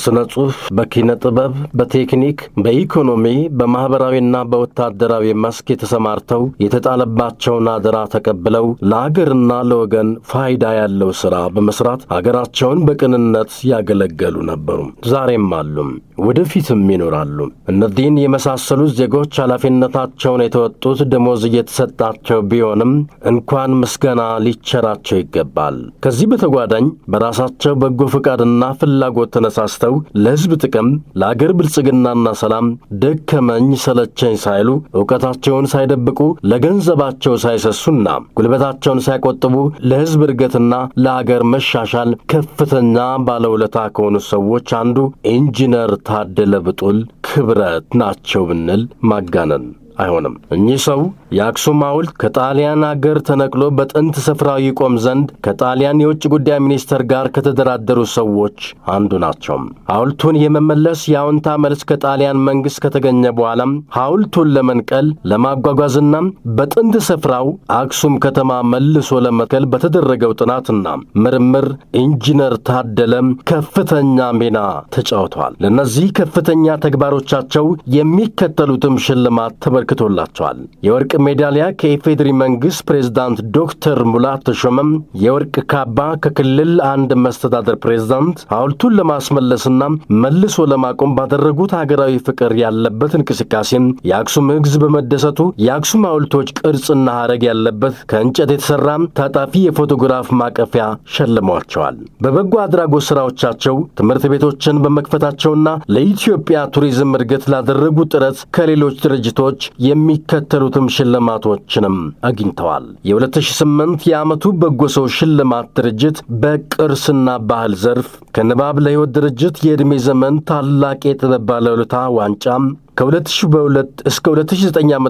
በሥነ ጽሑፍ፣ በኪነ ጥበብ፣ በቴክኒክ፣ በኢኮኖሚ፣ በማኅበራዊና በወታደራዊ መስክ የተሰማርተው የተጣለባቸውን አደራ ተቀብለው ለአገርና ለወገን ፋይዳ ያለው ሥራ በመሥራት አገራቸውን በቅንነት ያገለገሉ ነበሩ። ዛሬም አሉም፣ ወደፊትም ይኖራሉ። እነዚህን የመሳሰሉት ዜጎች ኃላፊነታቸውን የተወጡት ደሞዝ እየተሰጣቸው ቢሆንም እንኳን ምስጋና ሊቸራቸው ይገባል። ከዚህ በተጓዳኝ በራሳቸው በጎ ፈቃድና ፍላጎት ተነሳስተው ተባብረው ለሕዝብ ጥቅም ለአገር ብልጽግናና ሰላም ደከመኝ ሰለቸኝ ሳይሉ እውቀታቸውን ሳይደብቁ ለገንዘባቸው ሳይሰሱና ጉልበታቸውን ሳይቆጥቡ ለሕዝብ እድገትና ለአገር መሻሻል ከፍተኛ ባለውለታ ከሆኑ ሰዎች አንዱ ኢንጂነር ታደለ ብጡል ክብረት ናቸው ብንል ማጋነን አይሆንም። እኚህ ሰው የአክሱም ሐውልት ከጣሊያን አገር ተነቅሎ በጥንት ስፍራው ይቆም ዘንድ ከጣሊያን የውጭ ጉዳይ ሚኒስተር ጋር ከተደራደሩ ሰዎች አንዱ ናቸው። ሐውልቱን የመመለስ የአዎንታ መልስ ከጣሊያን መንግሥት ከተገኘ በኋላም ሐውልቱን ለመንቀል ለማጓጓዝና በጥንት ስፍራው አክሱም ከተማ መልሶ ለመትከል በተደረገው ጥናትና ምርምር ኢንጂነር ታደለም ከፍተኛ ሚና ተጫውተዋል። ለእነዚህ ከፍተኛ ተግባሮቻቸው የሚከተሉትም ሽልማት ተበርክ አበርክቶላቸዋል። የወርቅ ሜዳሊያ ከኢፌዴሪ መንግሥት ፕሬዝዳንት ዶክተር ሙላት ተሾመም፣ የወርቅ ካባ ከክልል አንድ መስተዳደር ፕሬዝዳንት ሐውልቱን ለማስመለስና መልሶ ለማቆም ባደረጉት ሀገራዊ ፍቅር ያለበት እንቅስቃሴም የአክሱም እግዝ በመደሰቱ የአክሱም ሐውልቶች ቅርጽና ሐረግ ያለበት ከእንጨት የተሰራ ታጣፊ የፎቶግራፍ ማቀፊያ ሸልሟቸዋል። በበጎ አድራጎት ሥራዎቻቸው ትምህርት ቤቶችን በመክፈታቸውና ለኢትዮጵያ ቱሪዝም እድገት ላደረጉ ጥረት ከሌሎች ድርጅቶች የሚከተሉትም ሽልማቶችንም አግኝተዋል። የ2008 የዓመቱ በጎ ሰው ሽልማት ድርጅት በቅርስና ባህል ዘርፍ ከንባብ ለሕይወት ድርጅት የዕድሜ ዘመን ታላቅ የጥበብ ባለውለታ ዋንጫም ከ2002 እስከ 2009 ዓ.ም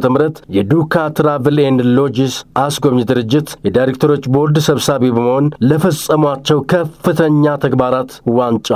የዱካ ትራቭል ኤንድ ሎጂስ አስጎብኝ ድርጅት የዳይሬክተሮች ቦርድ ሰብሳቢ በመሆን ለፈጸሟቸው ከፍተኛ ተግባራት ዋንጫ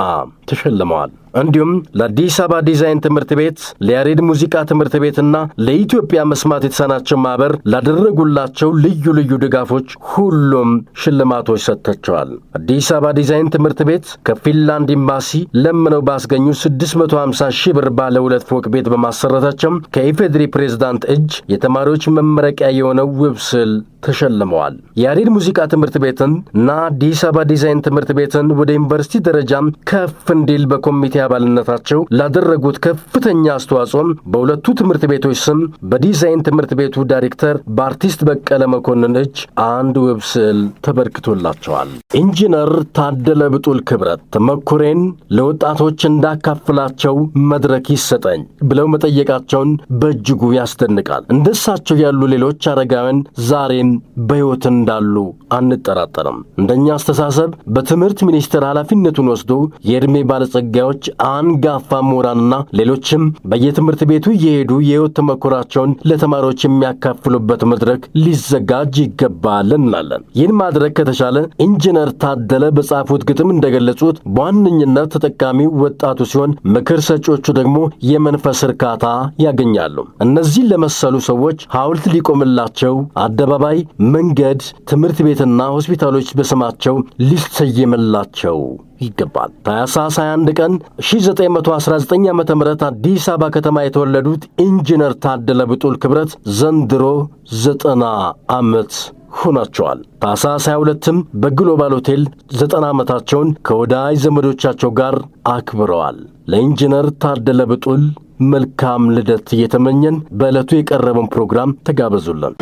ተሸልመዋል። እንዲሁም ለአዲስ አበባ ዲዛይን ትምህርት ቤት፣ ለያሬድ ሙዚቃ ትምህርት ቤትና ለኢትዮጵያ መስማት የተሳናቸው ማህበር ላደረጉላቸው ልዩ ልዩ ድጋፎች ሁሉም ሽልማቶች ሰጥተቸዋል። አዲስ አበባ ዲዛይን ትምህርት ቤት ከፊንላንድ ኤምባሲ ለምነው ባስገኙ 650 ሺህ ብር ባለ ሁለት ፎቅ ቤት በማሰረታቸው ከኢፌዴሪ ፕሬዝዳንት እጅ የተማሪዎች መመረቂያ የሆነው ውብ ስል ተሸልመዋል። የያሬድ ሙዚቃ ትምህርት ቤትን እና አዲስ አበባ ዲዛይን ትምህርት ቤትን ወደ ዩኒቨርሲቲ ደረጃም ከፍ እንዲል በኮሚቴ አባልነታቸው ላደረጉት ከፍተኛ አስተዋጽኦም በሁለቱ ትምህርት ቤቶች ስም በዲዛይን ትምህርት ቤቱ ዳይሬክተር በአርቲስት በቀለ መኮንን እጅ አንድ ውብ ስዕል ተበርክቶላቸዋል። ኢንጂነር ታደለ ብጡል ክብረት ተመኩሬን ለወጣቶች እንዳካፍላቸው መድረክ ይሰጠኝ ብለው መጠየቃቸውን በእጅጉ ያስደንቃል። እንደሳቸው ያሉ ሌሎች አረጋውያን ዛሬም በሕይወት እንዳሉ አንጠራጠርም። እንደኛ አስተሳሰብ በትምህርት ሚኒስቴር ኃላፊነቱን ወስዶ የዕድሜ ባለጸጋዮች፣ አንጋፋ ምሁራንና ሌሎችም በየትምህርት ቤቱ እየሄዱ የሕይወት ተመክሯቸውን ለተማሪዎች የሚያካፍሉበት መድረክ ሊዘጋጅ ይገባል እንላለን። ይህን ማድረግ ከተቻለ ኢንጂነር ታደለ በጻፉት ግጥም እንደገለጹት በዋነኝነት ተጠቃሚው ወጣቱ ሲሆን ምክር ሰጪዎቹ ደግሞ የመንፈስ እርካታ ያገኛሉ። እነዚህን ለመሰሉ ሰዎች ሐውልት ሊቆምላቸው አደባባይ መንገድ፣ ትምህርት ቤትና ሆስፒታሎች በስማቸው ሊሰየምላቸው ይገባል። ታኅሳስ 21 ቀን 1919 ዓ ም አዲስ አበባ ከተማ የተወለዱት ኢንጂነር ታደለ ብጡል ክብረት ዘንድሮ ዘጠና ዓመት ሆናቸዋል። ታኅሳስ 22ም በግሎባል ሆቴል ዘጠና ዓመታቸውን ከወዳጅ ዘመዶቻቸው ጋር አክብረዋል። ለኢንጂነር ታደለ ብጡል መልካም ልደት እየተመኘን በዕለቱ የቀረበን ፕሮግራም ተጋበዙልን።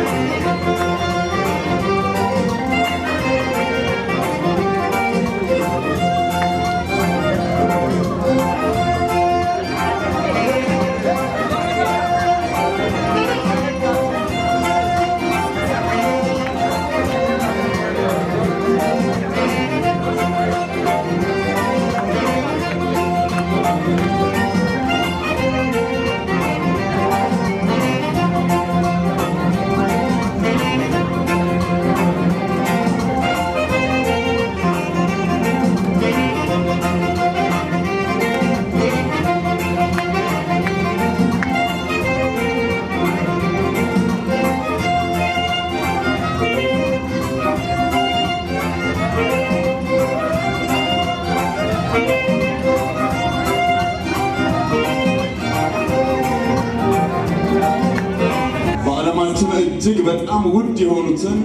በዓለማችን እጅግ በጣም ውድ የሆኑትን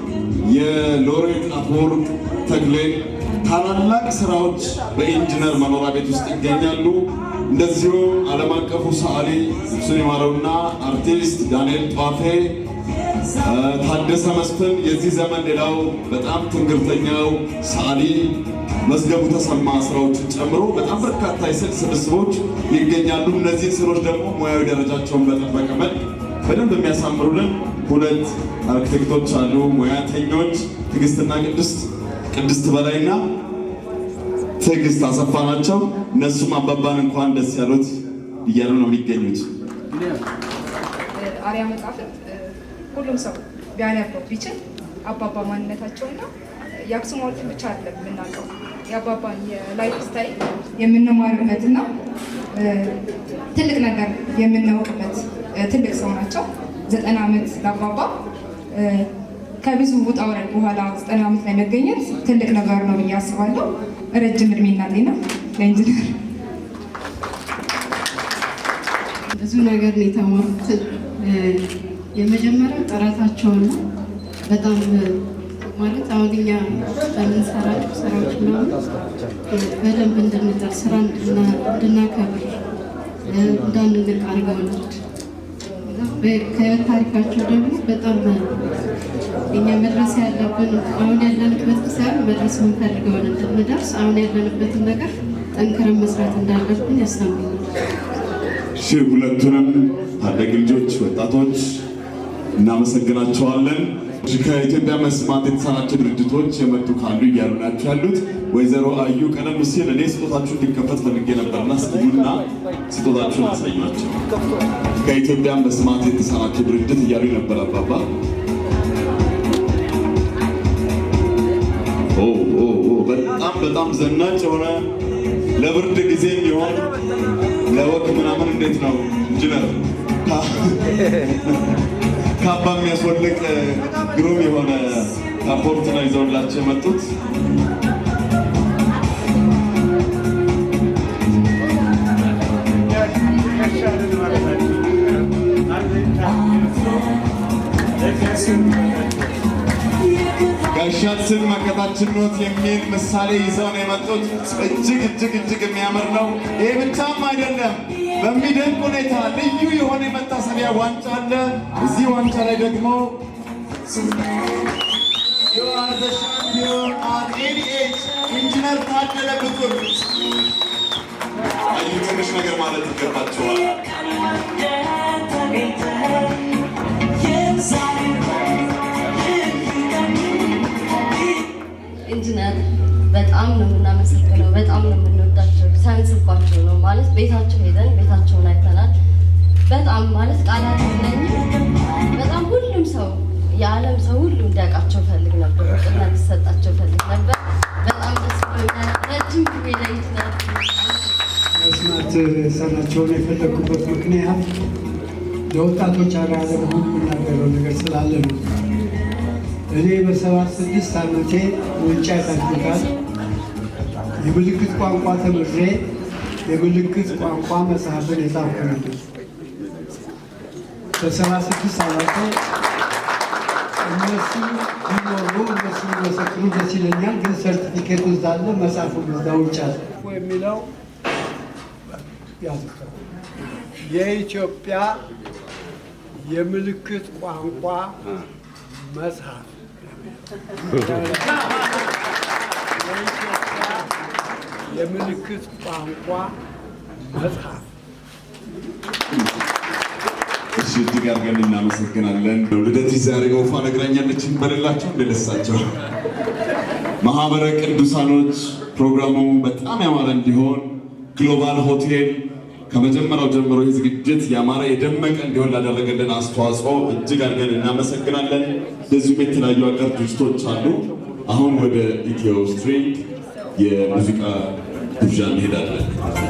የሎሬት አፈወርቅ ተክሌን ታላላቅ ስራዎች በኢንጂነር መኖሪያ ቤት ውስጥ ይገኛሉ። እንደዚሁ ዓለም አቀፉ ሰዓሊ ስብሱን የማረውና አርቲስት ዳንኤል ጧፌ ታደሰ መስፍን የዚህ ዘመን ሌላው በጣም ትንግርተኛው ሰዓሊ መዝገቡ ተሰማ ስራዎችን ጨምሮ በጣም በርካታ የስዕል ስብስቦች ይገኛሉ። እነዚህ ስዕሎች ደግሞ ሙያዊ ደረጃቸውን በጠበቀ መልክ በደንብ የሚያሳምሩልን ሁለት አርክቴክቶች አሉ፣ ሙያተኞች ትዕግስትና ቅድስት ቅድስት በላይና ትዕግስት አሰፋ ናቸው። እነሱም አባባን እንኳን ደስ ያሉት እያሉ ነው የሚገኙት። አሪያ መጽሐፍ ሁሉም ሰው ቢያነበው ቢችል አባባ ማንነታቸውና የአክሱም ሐውልትን ብቻ አለ የምናውቀው የአባባን የላይፍ ስታይል የምንማርበትና ትልቅ ነገር የምናውቅበት ትልቅ ሰው ናቸው። ዘጠና ዓመት ለአባባ ከብዙ ውጣ ውረድ በኋላ ዘጠና ዓመት ላይ መገኘት ትልቅ ነገር ነው ብዬ አስባለሁ። ረጅም እድሜና ጤና ለኢንጂነር ብዙ ነገር ነው የተማሩት። የመጀመሪያው ጥረታቸው ነው። በጣም ማለት አሁን እኛ በምንሰራቸው ስራዎች ምናምን በደንብ እንድንጠር ስራ እንድናከብር እንዳንንቅ አድርገውናል። ከታሪካቸው ደግሞ በጣም እኛ መድረስ ያለብን አሁን ያለንበት ሳይሆን መድረስ የምንፈልገውን እንድንደርስ አሁን ያለንበትን ነገር ጠንክረን መስራት እንዳለብን ያስተምሩናል። እሺ ሁለቱንም ታዳጊ ልጆች፣ ወጣቶች እናመሰግናቸዋለን። ከኢትዮጵያ መስማት የተሳናቸው ድርጅቶች የመጡ ካሉ እያሉ ናቸው ያሉት። ወይዘሮ አዩ ቀደም ሲል እኔ ስጦታችሁ እንዲከፈት ፈልጌ ነበርና ስዩና ስጦታችሁን አሳዩቸው። ከኢትዮጵያ መስማት የተሳናቸው ድርጅት እያሉ ነበር አባባ። በጣም በጣም ዘናጭ የሆነ ለብርድ ጊዜ የሚሆን ለወቅ ምናምን እንዴት ነው እንጂ ካባ የሚያስወልቅ ግሩም የሆነ ካፖርት ነው ይዘውላቸው የመጡት። ጋሻችን መከታችን ኖት የሚል ምሳሌ ይዘው ነው የመጡት። እጅግ እጅግ እጅግ የሚያምር ነው። ይህ ብቻም አይደለም። በሚደንቅ ሁኔታ ልዩ የሆነ መታሰቢያ ዋንጫ አለ። እዚህ ዋንጫ ላይ ደግሞ ኢንጂነር ታደለ ብጡል ትንሽ ነገር ማለት ይገባቸዋል። ኢንጂነር በጣም ነው የምናመሰግነው፣ በጣም ነው የምንወዳቸው። ሳያንስባቸው ማለት ቤታቸው ሄደን ቤታቸውን አይተናል። በጣም ማለት ቃላት ለኝ በጣም ሁሉም ሰው የዓለም ሰው ሁሉ እንዲያውቃቸው ፈልግ ነበር፣ እውቅና እንዲሰጣቸው ፈልግ ነበር። በጣም ደስ ረጅም ጊዜ ለይትናል መስማት ሰናቸውን የፈለግኩበት ምክንያት ለወጣቶች አራያ መሆን የምናገረው ነገር ስላለ ነው። እኔ በሰባት ስድስት ዓመቴ ውንጫ ይታችታል የምልክት ቋንቋ ተምሬ የምልክት ቋንቋ መጽሐፍን የጻፍኩት በሰባ ስድስት ዓመቴ እነሱ ቢኖሩ እነሱ መሰክሩ ደስ ይለኛል፣ ግን ሰርቲፊኬቱ እንዳለ መጽሐፉ ዛውቻለሁ የሚለው የኢትዮጵያ የምልክት ቋንቋ መጽሐፍ የምልክት ቋንቋ መጽሐፍ። እሺ እጅግ አድርገን እናመሰግናለን። ልደት ዛሬ ወፋ ነግራኛለች። በልላቸው እንደደሳቸው ማህበረ ቅዱሳኖች ፕሮግራሙ በጣም ያማረ እንዲሆን ግሎባል ሆቴል ከመጀመሪያው ጀምሮ ይህ ዝግጅት ያማረ የደመቀ እንዲሆን ላደረገልን አስተዋጽኦ እጅግ አድርገን እናመሰግናለን። እንደዚሁም የተለያዩ አገር ድርጅቶች አሉ። አሁን ወደ ኢትዮ ስትሪት የሙዚቃ ግብዣ መሄድ